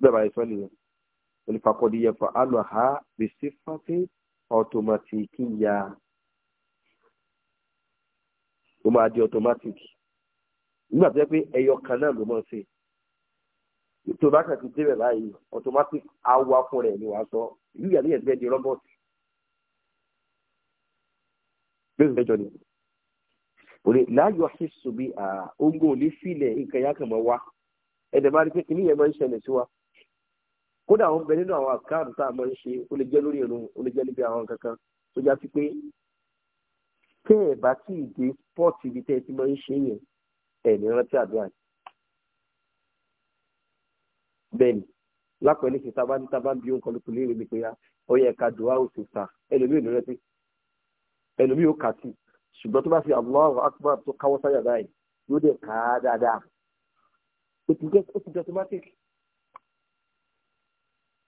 bẹ́ẹ̀ bá yẹ sọ nìyẹn olùfàkọ́díyẹ fún alùhà bìsífàtì ọtomatikiya ó máa di ọtomatiki nígbà tó yẹ pé ẹyọ kan náà ló máa ń ṣe tó bá kàn ti débẹ̀ automatic awa fún rẹ̀ ni wàá sọ ìlú di robot lóṣù mẹ́jọ ni òní láyọ̀ ṣíṣù bí ogun ò ní filẹ̀ nǹkan yá kàn mọ́ wá ẹ̀dẹ̀ máa rí pé kìnìyẹ máa ń ṣẹlẹ̀ sí wa kódà àwọn bẹ nínú àwọn tá a máa ń ṣe ó lè jẹ́ kankan tó já sí pé tẹ́ bá tí ì dé pọ́ọ̀tì ibi tẹ́ ẹ ti máa bẹ́ẹ̀ ni lápẹ̀ ní sísá bá ní tá a bá ń bí ohun kọlùkù léèrè mi pé ya ah, ó yẹ ká dùn áwò sísá ẹlòmíì ò ní rántí ẹlòmíì ò kà sí ṣùgbọ́n tó bá fi Allahu akbar tó káwọ́ sáyà báyìí yóò dẹ̀ ká dáadáa ó ti jẹ́ ó ti jẹ́ automatic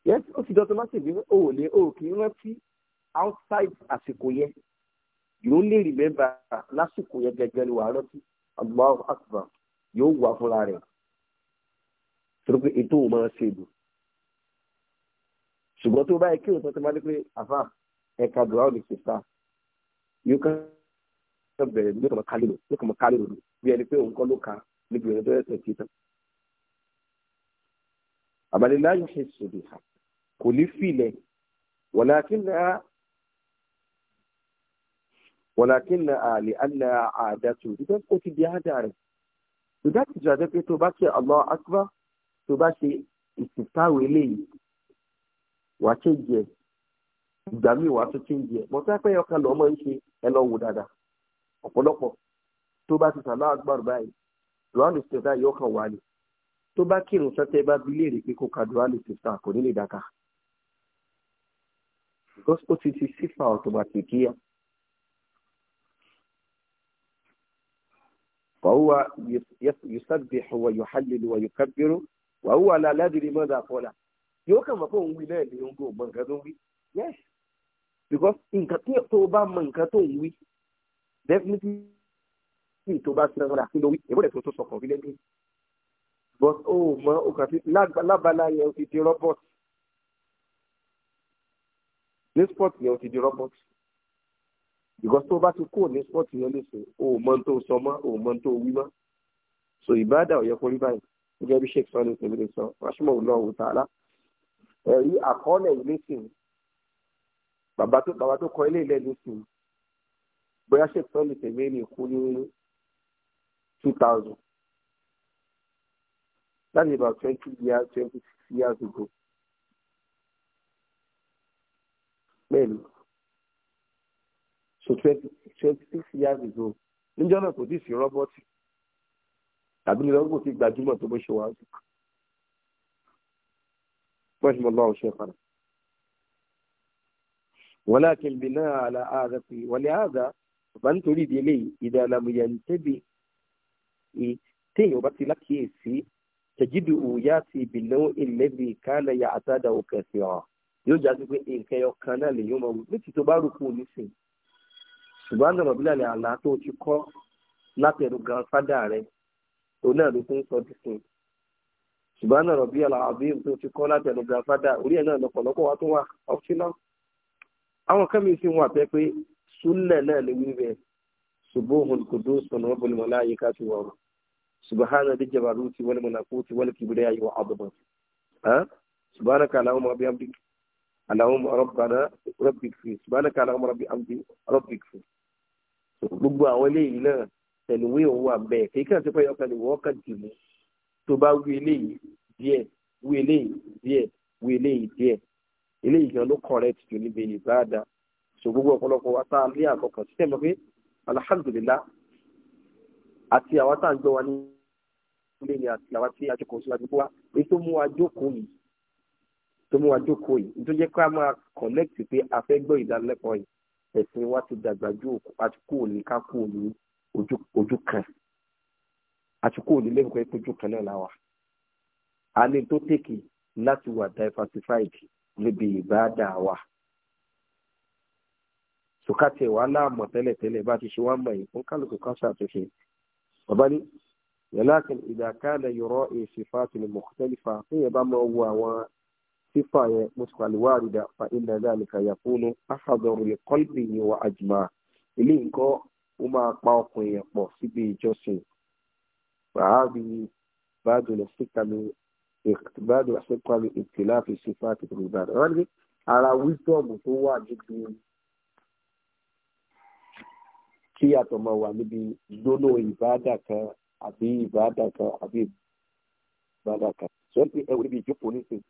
yes ó ti jẹ́ automatic ní o ò lè o ò kì í rántí outside àsìkò yẹn yóò lè remember lásìkò yẹn gẹ́gẹ́ ni wàá rántí Allahu akbar yóò wà fúnra rẹ̀ torí itu ètò ò máa ṣe ìlú ṣùgbọ́n tó báyìí kí òótọ́ tó bá dé pé àfà ẹ̀ka dùn áwọn ìṣe sá yóò kàn án bẹ̀rẹ̀ yóò kàn máa kálí lò yóò kàn máa kálí lò lò bí ẹni pé òun kọ́ ló ka níbi ìrìn tó ẹsẹ̀ ti tán. àbálẹ̀ láyé ṣe sòdì hà kò ní fìlẹ̀ wọ̀làkínà àlè àlè àdàtù ìgbẹ́ kó ti di àdà rẹ̀ ìdájọ́ àjẹpẹ́ tó bá kí Allah akbar tó bá ṣe ìsìnkáwé eléyìí wà á change ẹ̀ ìgbà míì wà á tún change ẹ̀ mọ̀tò ẹ̀pẹ́ ọkàn lọ́mọ ń ṣe ẹ lọ wò dáadáa ọ̀pọ̀lọpọ̀ tó bá ti sàlá àgbàrò báyìí dual state yóò kàn wá ni tó bá kírun sọ́tẹ́ bá bí léèrè pé kó ka dual state kò ní lè dáka because ti ti sífà automatic yá. فهو يسبح ويحلل ويكبر wàá wà lá aládìrí mọ́tà fọ́lá yóò kàn mọ̀ pé wí náà ni òun kò mọ nǹkan tó ń wí yes because nǹkan tó bá mọ nǹkan tó ń wí definitely tó bá sí náà kí ló wí èbó rẹ̀ tó tó sọ confidently but ó mọ òkàn sí lábala yẹn ó ti di robot ní sport yẹn ó ti di robot because tó bá ti kúrò ní sport yẹn lè sè ó mọ tó sọ mọ ó mọ tó wí mọ so ìbáàdà ò yẹ kó rí báyìí gẹ́gẹ́ bí sheikh sọ́ni tèmi sọ rahimahullahu ta'ala ẹ̀rí àkọọ́lẹ̀ yìí lẹ́sìn bàbá tó bàbá tó kọ ilé ilẹ̀ lẹ́sìn bóyá sheikh sọ́ni tèmi ní kú ní two thousand that is about twenty years twenty six years ago bẹ́ẹ̀ni so twenty twenty six years ago níjọ́ náà kò tí ì sí rọ́bọ́tì tàbí ní lọ́gbọ̀n tí gbajúmọ̀ tó bó ṣe wà á dùn. wọ́n ṣe mọ́ lọ́wọ́ ṣe padà. ولكن بناء على هذا ولهذا bàbá nítorí ìdí eléyìí ìdá alamuya ntẹ́bi téèyàn bá ti lákìyèsí tẹ̀jídù òòyà àti ìbìlẹ̀ ìlẹ́bi kálẹ̀ ya àtàdà òkè sí ọ̀ yóò jásí pé nǹkan ẹyọ kan náà lèyìn ọmọ wípé títí tó bá rò kú sí ṣùgbọ́n àná ọ̀bílẹ̀ àlá tó ti kọ́ látẹ̀rù gan fádà rẹ̀ òun náà ló tún sọ tuntun ṣùgbọ́n náà rọ̀bí àlàáfíà tó ti kọ́ láti ẹnu grandfather orí ẹ̀ náà lọ́pọ̀lọpọ̀ wa tó wà optional àwọn kan mìíràn sì wà pé pé súnlẹ̀ náà ni wíwẹ̀ ṣùgbọ́n kòdó sọ̀nà wọn bọ̀lùmọ̀ láàyè ká ti wọ̀rọ̀ subahana di jabaru ti wal malakuti wal kibriya wa adaba ha subhanaka amdi allahumma rabbana rabbik fi subhanaka allahumma rabbi amdi rabbik fi gbogbo àwọn eléyìí náà tẹ̀lùwé òun wà bẹ́ẹ̀ kì í kàn sí pé ọkàn lè wọ́ọ̀kà dìmú tó bá wí eléyìí díẹ̀ wí eléyìí díẹ̀ wí eléyìí díẹ̀ eléyìí gan ló correct jù níbi ìbáàdà so gbogbo ọ̀pọ̀lọpọ̀ wa tá a lé àkọ́kọ́ sí tẹ̀mọ́ pé alhamdulillah àti àwa tá à ń gbọ́ wa ní ilé ni àti àwa tí a jókòó síwájú wa èyí tó mú wa jókòó yìí tó mú wa jókòó yìí tó jẹ́ ká máa connect pé a fẹ́ gbọ́ ìdánilẹ́kọ̀ọ́ yìí ẹ̀sìn wa ti dàgbà ju àti kúrò ní ká kúrò ní ojú kan àti kó ní lẹ́nu pé ojú kan náà láwà a ní tó tèkì láti wà diversified níbi ìbáàdà wa sùkàtì ẹ̀ wà láàmọ̀ tẹ́lẹ̀tẹ́lẹ̀ bá ti ṣe wá mọ̀ yìí fún kálukú kan ṣàtúnṣe bàbá ní yàlákin ìdàkálẹ̀ yọ̀rọ̀ èsìfà tìlẹ̀ mọ̀kútẹ́lifà fún yẹn bá mọ̀ wo àwọn sífà yẹn mùsùlùmí fa inna dhalika yakunu ahadaru li qalbihi wa ajma ilé nǹkan ó máa pa ọkàn èèyàn pọ̀ síbi ìjọsìn fàábi báàdù lọ síkàlù báàdù àṣekọ̀lù ìtìlá fi ṣe fún àtìkù ìbàdàn wọn ni ara wisdom tó wà níbi kí àtọ̀ máa wà níbi gbóná ìbáàdà kan àbí ìbáàdà kan àbí ìbáàdà kan ṣùgbọ́n pé ẹ̀wọ̀n níbi ìjókòó nísìn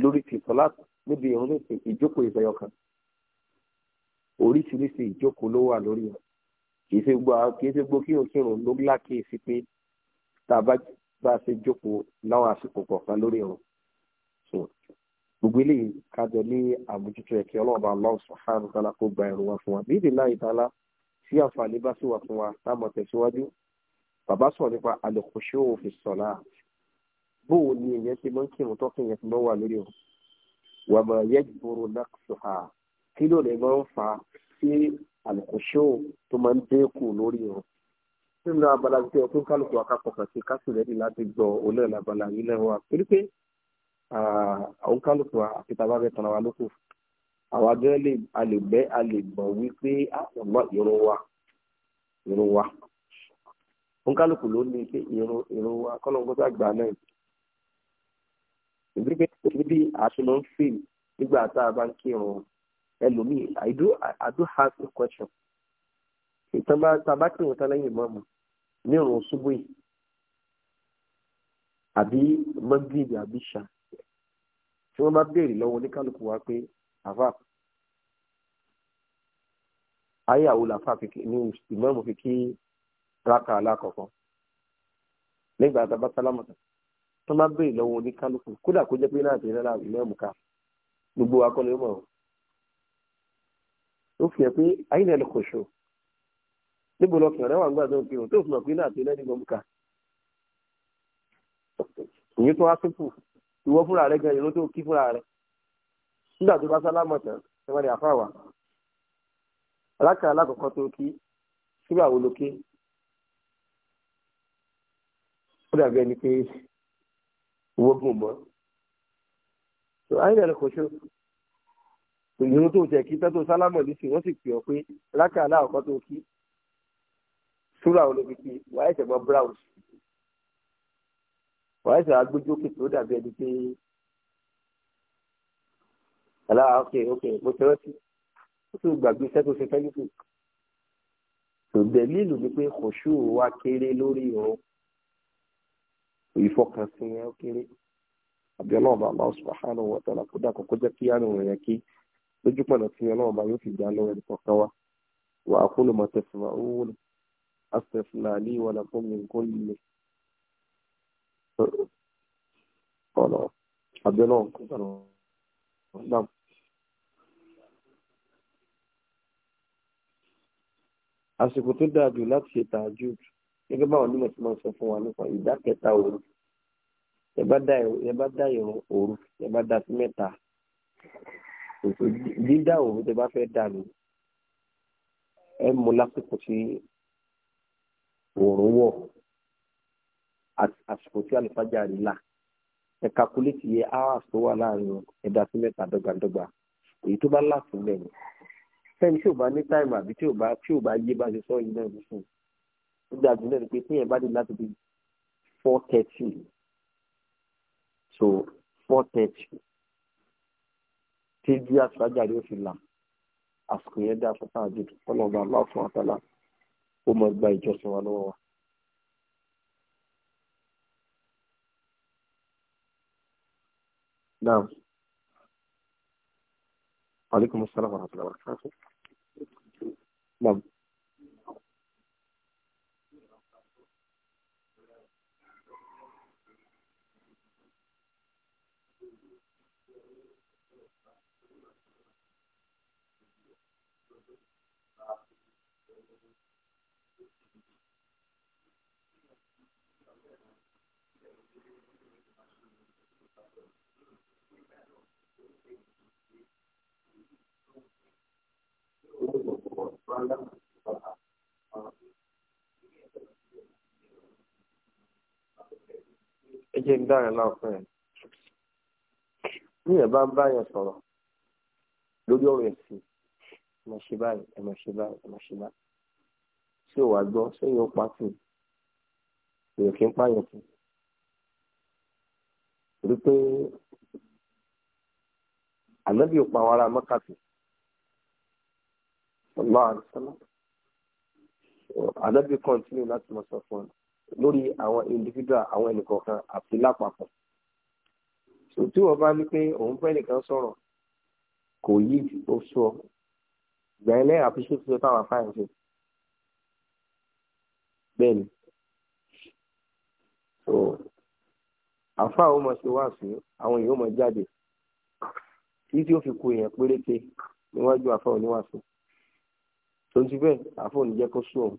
lórí ti sọ́lá níbi ìrún nísìn ìjókòó ìfẹ́yọ̀ oríṣiríṣi ìjókòó ló wà lórí rẹ̀ kì í ṣe gbọ́ kì í ṣe gbọ́ kí òkìrùn ló lákèésí pé tá a bá bá ṣe jókòó láwọn àsìkò kọ̀ọ̀kan lórí ọ̀run so gbogbo eléyìí kájọ ní àmójútó ẹ̀kẹ́ ọlọ́ọ̀bá Allah subhanahu wa ta'ala kó gba ẹ̀rù wa fún wa bí ìdílé ìtàlá tí àǹfààní bá sì wà fún wa táwọn tẹ̀síwájú bàbá sọ̀rọ̀ nípa àlòkùnṣe òfin sọ̀lá bóò ni èèyàn ṣe máa ń kírun tọ́kìn yẹn fi máa wà lórí ọ̀run wàmọ̀ yẹ́gbòrò náà sọ̀hà kí ló lè máa ń fa sí àlùkòṣó tó máa ń dínkù lórí wọn nínú abala tí ọtún kálukú akápọ̀kà sí kásìlẹ́dì láti gbọ́ olóyè labala yìí lẹ́wọ́ àpérí pé àwọn kálukú àfitaba bẹ tàn wá lóko àwọn abẹ́rẹ́ alẹ́ bẹ́ alẹ́ gbọ̀n wípé àtọ̀nà ìrún wa ìrún wa òun kálukú ló ní pé ìrún ìrún wa kọ́nà ń gbọ́dọ̀ àgbà náà ìdí pé níbi àṣemọ́ ń fè nígbà tá a bá ń kírun ẹlòmíì i do i do have a question ìtàn bá tàbá kí wọn tán lẹ́yìn ìmọ̀ọ́mù ní òun ṣubú yìí àbí mọ́gìrì àbí ṣá tí wọ́n bá béèrè lọ́wọ́ oníkálukú wa pé àfà ayáwó làfà ní ìmọ̀ọ́mù fi kí rákà alákọ̀ọ́kọ́ nígbà tàbá sálámọ̀tà tí wọ́n bá béèrè lọ́wọ́ oníkálukú kódà kó jẹ́ pé náà ti rẹ́ra ìmọ̀ọ́mù ká gbogbo akọ́lẹ̀ ọ́. ó fi hàn pé àyìnlẹ̀ ló kò ṣò níbo lọkàn rẹ wà ń gbà tó ń pè ọ́ tó fi hàn pé náà tó lẹ́ni gbọ̀mùkà ìyẹn tó wá sípò ìwọ fúnra rẹ gan ìrún tó kí fúnra rẹ nígbà tó bá sálámọ̀ tán ẹ alákà alákọ̀ọ́kọ́ tó kí síbà wo ló ké ó dàbí ìrun tó tẹ̀ kí tẹ́tò sálámọ̀ nísìn wọ́n sì pè ọ́ pé rákà aláàkọ́ tó kí súra olóbi kí wàá ẹ̀sẹ̀ mọ́ browse wàá ẹ̀sẹ̀ agbójókè tó dàbí ẹni pé aláà ok ok mo ti rántí ó tún gbàgbé iṣẹ́ tó ṣe fẹ́ nípò tòbẹ̀lì ìlú ni pé kòṣù wa kéré lórí ìrun ìfọkànsìn yẹn ó kéré àbí ọlọ́ọ̀bà Allah subhanahu wa ta'ala kó dà kó kó jẹ́ kí àrùn kí lójú pọ̀nà tí ọlọ́run bá yóò fi gbà lọ́wọ́ ẹni kọ̀ọ̀kan wa wà á kúlò mọ̀ tẹ̀síwá òun àtẹ̀síwá ní ìwà làkó mi nǹkan líle ọ̀nà àbẹ́lọ́ nǹkan kan náà. àsìkò tó dáa jù láti ṣe tààjú gẹ́gẹ́ báwọn onímọ̀ tí wọ́n sọ fún wa nípa ìdá kẹta òru ẹ bá dá ìrún òru ẹ bá dá sí mẹ́ta dídá òwú tẹ bá fẹ́ dà ní ẹ mú lásìkò tí òòrùn wọ̀ àsìkò tí àlùfájà rí là ẹ kakuléètì yẹ hours tó wà láàrin ẹ̀dá sí mẹ́ta dọ́gbadọ́gba èyí tó bá láti lẹ́nu fẹ́ni tí ò bá ní táìmù àbí tí ò bá tí ò bá yé bá ṣe sọ yìí náà nìsín ó dáa jù náà ni pé téèyàn bá dé láti bí four thirty so four thirty tí bí àtúrájáde ó fi là àsìkò yẹn dá fún táàjù ọlọ́ọ̀bá aláàfin àtàlà ó mọ gba ìjọsìn wa lọ́wọ́ wa. Naam. Alaikum salaam wa rahmatullahi wa barakatuh. Naam. ẹ jẹ́ ń dára láàpẹ́ ẹ̀ ní ẹ̀ bá ń bá yẹn sọ̀rọ̀ lórí ọ̀rọ̀ ẹ̀sìn ẹ máa ṣe báyìí ẹ máa ṣe báyìí ẹ máa ṣe báyìí tí ò wá gbọ́ sẹ́yìn ó tì èèyàn kì í pààyàn tì rí ànábì ò pa wàrà mọ́kàtì sallallahu alaihi wasallam ànábì kọ́ntínú láti mọ̀ sọ fún ọ lórí àwọn individual àwọn ẹnìkọ̀ọ̀kan àti lápapọ̀ so tí wọ́n bá ní pé òun fẹ́ nìkan sọ̀rọ̀ kò yí ó sọ gbẹ̀yìn lẹ́yìn àfiṣe ti sọ táwọn afáyà ń ṣe bẹ́ẹ̀ ni so àfa àwọn ọmọ ṣe wá sí àwọn èèyàn ọmọ jáde tí tí ó fi ku èèyàn péréte níwájú àfa òníwàsó tó ń ti bẹ́ẹ̀ àfọ̀ oníjẹ́ kó sùn òun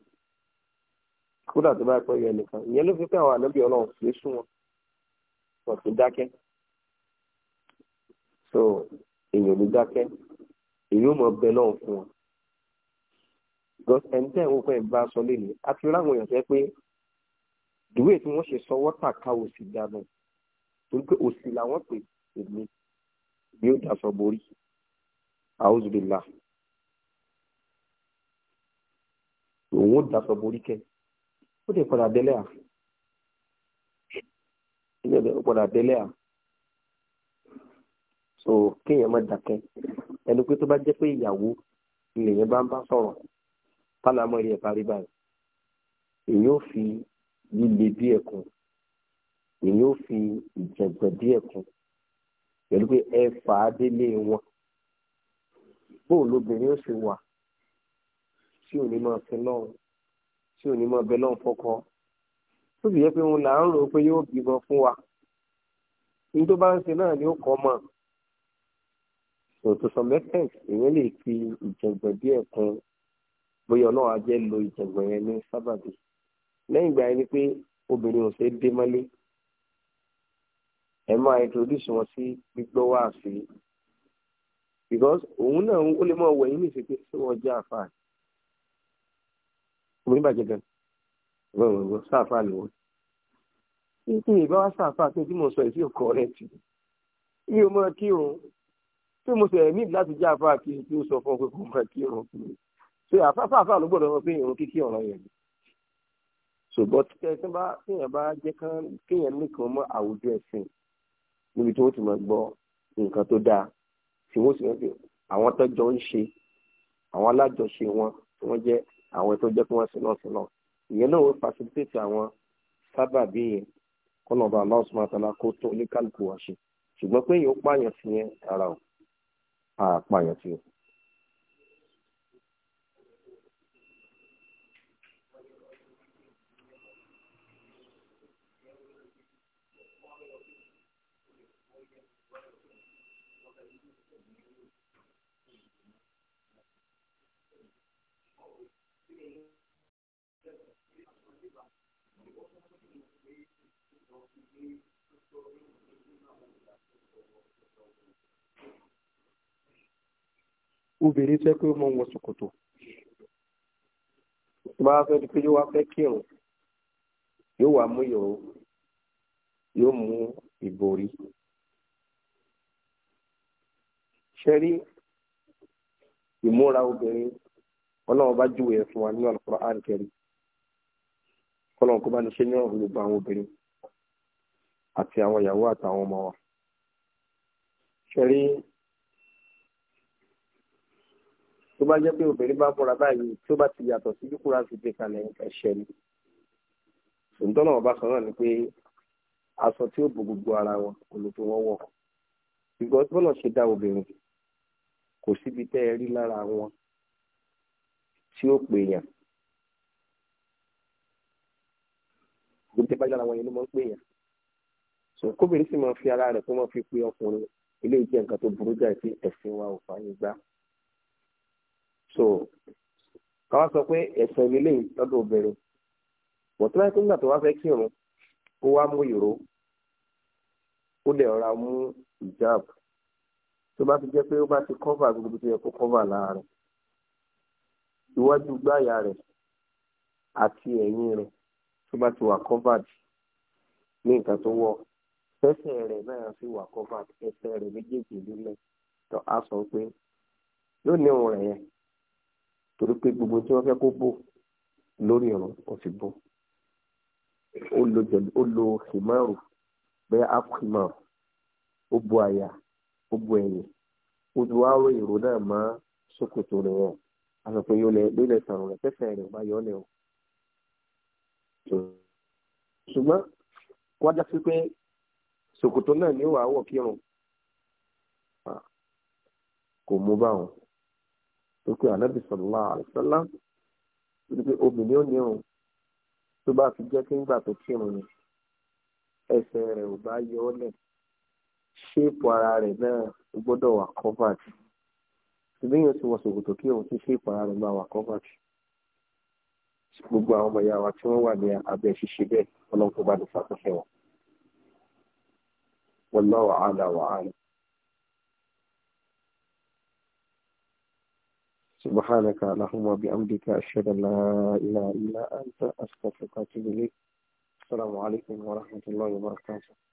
kódà tó bá pẹ́ yẹ nìkan ìyẹn ló fi pé àwọn ànábì ọlọ́run kì í sùn wọn wọn kì í dákẹ́ so èèyàn ló dákẹ́ èyí ò mọ bẹ lọ́run fún wọn because ẹni tẹ́ ìwọ́n pẹ́ bá sọ lé ní a ti ráwọn èèyàn tẹ́ pé ìdúwé tí wọ́n ṣe sọ wọ́tà ká òsì dànù torí pé òsì làwọn pè èmi bí ó dà sọ borí àwùjọ bíi láàfin. òun ó dasọ borí o ó dẹ̀ padà délé à ó padà délé à so kéèyàn má dákẹ́ ẹni pé tó bá jẹ́ pé ìyàwó lèyàn bá ń bá sọ̀rọ̀ pálámọ́ rí ẹ̀ parí báyìí èyí ò fi líle bí ẹ̀kún èyí ò fi ìjẹ̀gbẹ̀ bí ẹ̀kún pẹ̀lú pé ẹ fà á délé wọn bóun o ó sì wà tí ò ní fi lọ́rùn tí ò ní mọ bẹ lọ́n fọkọ tó sì yẹ pé òun là ń rò pé yóò bímọ fún wa ní tó bá ń ṣe náà ni ó kọ́ mọ̀ so to some èèyàn lè fi ìjẹ̀gbẹ́ díẹ̀ kún bóyá ọlọ́run ajẹ́ lo ìjẹ̀gbẹ́ yẹn ní sábàbí lẹ́yìn ìgbà yẹn ni pé obìnrin ò ṣe é dé mọ́lé ẹ máa introduce wọn sí gbígbọ́ wá sí because òun náà ó lè mọ̀ wẹ̀yìn ní ìṣèpè tí wọ́n jẹ́ àfààní ọmọ yín bàjẹ́ gan gbọ̀ngbọ̀ngbọ̀ sáfà lọ́wọ́ nítorí ìbá wa sáfà pé tí mo sọ èsì ọkọ rẹ tì mí ò mọ kírun tí mo sọ ẹ̀mí láti jẹ́ àfà kí kí ó sọ fún ọ pé kò mọ kírun ṣé àfàfà ló gbọ́dọ̀ pé ìrun kíkí ọ̀rọ̀ yẹn ni ṣùgbọ́n tẹ́tẹ́ bá kéèyàn bá jẹ́ kán kéèyàn nìkan mọ́ àwùjọ ẹ̀sìn níbi tí wọ́n ti máa gbọ́ nǹkan tó dáa tí wọ́n sì àwọn tọ́jọ́ ń ṣe àwọn alájọṣe wọn tí wọ́n jẹ́ àwọn tó jẹ́ pé wọ́n sinú sinú ìyẹn náà ó facilitate àwọn sábà bí yẹn kọ́nà ọba aláwọ̀ sọ́mọ́ àtàlà kó tó oníkálukú wá ṣe ṣùgbọ́n pé yóò pààyàn sí yẹn rárá o àpààyàn sí yẹn. obìnrin tẹ́ pé ó mọ wọn ṣòkòtò bá fẹ́ di pé yóò wá fẹ́ kírun yóò wá mú yòó yóò mú ìborí ṣẹ́rí ìmúra obìnrin ọlọ́run bá júwèé fún wa nínú Al-Qur'an Al-Karim kọ́lọ́n kó bá ní ṣe ní ọ̀rùn gbogbo àwọn obìnrin àti àwọn ìyàwó àtàwọn ọmọ wa ṣẹ̀rí tó bá jẹ́ pé obìnrin bá múra báyìí tó bá ti yàtọ̀ sí bí kúrò àti ìgbékalẹ̀ ẹ̀ṣẹ̀ ni ṣùgbọ́n náà ọba sọ náà ni pé aṣọ tí ó bo gbogbo ara wọn olùtò wọn wọ̀ ṣùgbọ́n bọ́nà ṣe dá obìnrin kò síbi tẹ́ ẹ rí lára wọn tí ó pè yàn gbogbo tẹ́ wọn yẹn ló máa ń pè yàn so kóbìnrin sì máa fi ara rẹ̀ kó máa fi pe ọkùnrin eléyìí jẹ́ nǹkan tó burú jáì tí ẹ̀sìn wa ò fààyè gbà so káwá sọ pé ẹ̀sìn ilé yìí lọ́dọ̀ obìnrin bọ̀ tó báyìí tó ń gbà tó wá fẹ́ kírun kó wá mú ìró ó lè ọ̀ra mú ìjáàbù tó bá ti jẹ́ pé ó bá ti kọ́fà gbogbo tó yẹ kó kọ́fà láàárín iwájú gbáyà rẹ̀ àti ẹ̀yìn rẹ̀ tó bá ti wà covered ní nǹkan tó wọ̀ ẹsẹ̀ rẹ̀ náà sì wà kọ́fà ẹsẹ̀ rẹ̀ méjèèjì lílẹ̀ tó a sọ pé yóò ní òun rẹ̀ yẹn torí pé gbogbo tí wọ́n fẹ́ kó bò lórí ọ̀rọ̀ ó ti bò ó lo himaru bẹ́ẹ̀ á kó himaru ó bo àyà ó bo ẹ̀yìn ó ti wá ró ìró náà mọ́ ṣòkòtò rẹ̀ yẹn a sọ pé yóò lẹ̀ sàrùn rẹ̀ tẹ́sẹ̀ rẹ̀ bá yọ ọ́ lẹ̀ o ṣùgbọ́n wájú sí pé ṣòkòtò náà ní wàá wọ̀ kírun kò mú báwọn tó pé ànábì sallallahu alaihi wasallam tó pé obìnrin ò ní òun tó bá fi jẹ́ kí ńgbà tó kírun ni ẹsẹ̀ rẹ̀ ò bá yọ ọ́ lẹ̀ ṣéèpù ara rẹ̀ náà ó wà covered ṣùgbọ́n yóò ti wọ ṣòkòtò kí òun ti ṣéèpù ara rẹ̀ máa wà covered gbogbo àwọn ọmọ ìyá wa tí wọ́n wà ní abẹ́ ṣíṣe bẹ́ẹ̀ ọlọ́run bá lè ṣàtúnṣe wọn. والله على وأعلم سبحانك اللهم بأمدك أشهد أن لا إله إلا أنت أستغفرك وأتوب إليك السلام عليكم ورحمة الله وبركاته